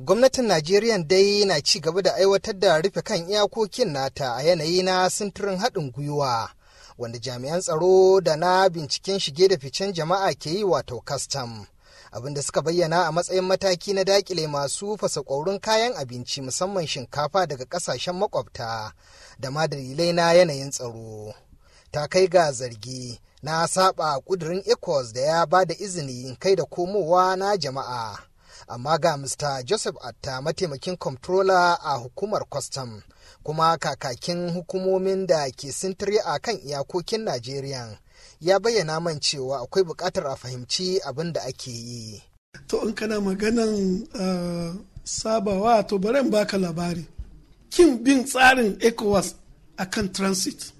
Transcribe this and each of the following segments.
Gwamnatin Najeriya dai na ci gaba da aiwatar da rufe kan iyakokin nata a yanayi na sintirin haɗin gwiwa. Wanda jami'an tsaro da na binciken shige da ficen jama'a ke yi wato kastam. abinda suka bayyana a matsayin mataki na dakile masu fasa ƙwaurin kayan abinci musamman shinkafa daga ƙasashen makwabta da ma dalilai na yanayin tsaro ta kai ga zargi na saba ƙudurin ecos da ya ba da izini kai da komowa na jama'a amma ga Mr. Joseph Atta mataimakin comptroller a hukumar kwastam kuma kakakin hukumomin da ke sintiri a kan iyakokin Najeriya ya bayyana man cewa akwai bukatar a fahimci abin da ake yi. To in kana maganan eh, sabawa to bari baka labari. Kin bin tsarin ECOWAS a kan transit.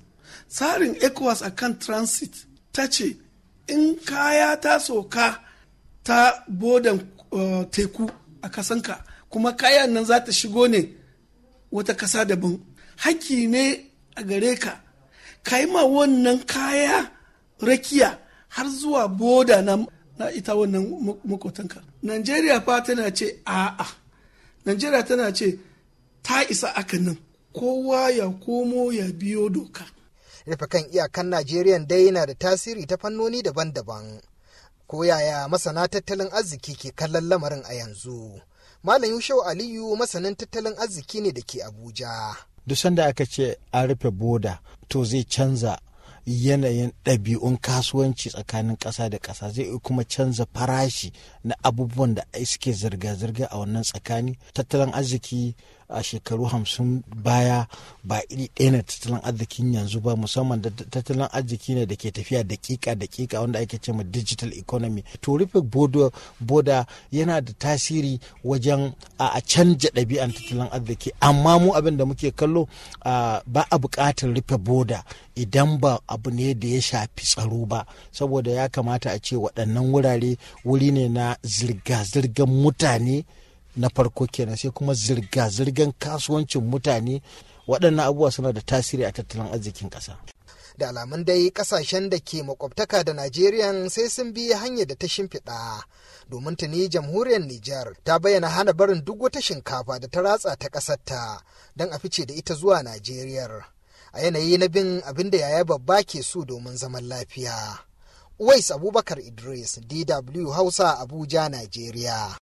Tsarin ECOWAS a kan transit ta ce in kaya ta soka ta bodan Eh, teku a kasanka kuma kayan nan za ta shigo ne wata kasa daban hakki ne a gare ka ka yi ma wannan kaya rakiya har zuwa boda na, na ita wannan makotanka najeriya fa tana ce a'a najeriya tana ce ta isa aka nan kowa ya komo ya biyo doka rufe kan iyakan najeriya dai yana da tasiri ta fannoni daban-daban ko yaya masana tattalin arziki ke kallon lamarin a yanzu malam yushau aliyu masanin tattalin arziki ne da ke abuja duk da aka ce an rufe boda to zai canza yanayin ɗabi'un kasuwanci tsakanin ƙasa da ƙasa zai kuma canza farashi na abubuwan da suke zirga-zirga a wannan tsakani tattalin arziki a shekaru hamsin baya ba iri ɗaya na tattalin arzikin yanzu ba musamman da tattalin arziki ne da ke tafiya dakika dakika wanda ake ce ma digital economy to rufe boda yana da tasiri wajen a canja ɗabi'an tattalin arziki amma mu abin da muke kallo ba a buƙatar rufe boda idan ba abu ne da ya shafi tsaro ba saboda ya kamata a ce waɗannan wurare wuri ne na zirga-zirgar mutane na farko kenan sai kuma zirga-zirgan kasuwancin mutane waɗannan abubuwa suna da tasiri a tattalin arzikin ƙasa. da alamun dai kasashen da ke makwabtaka da Najeriya sai sun bi hanyar da ta shimfiɗa. Domin ta tuni jamhuriyar niger ta bayyana hana barin duk wata shinkafa da ta ratsa ta ƙasarta don a fice da ita zuwa Najeriya. A yanayi na bin abin da yaya babba ke so domin zaman lafiya. Uwais Abubakar Idris, DW Hausa, Abuja, Najeriya.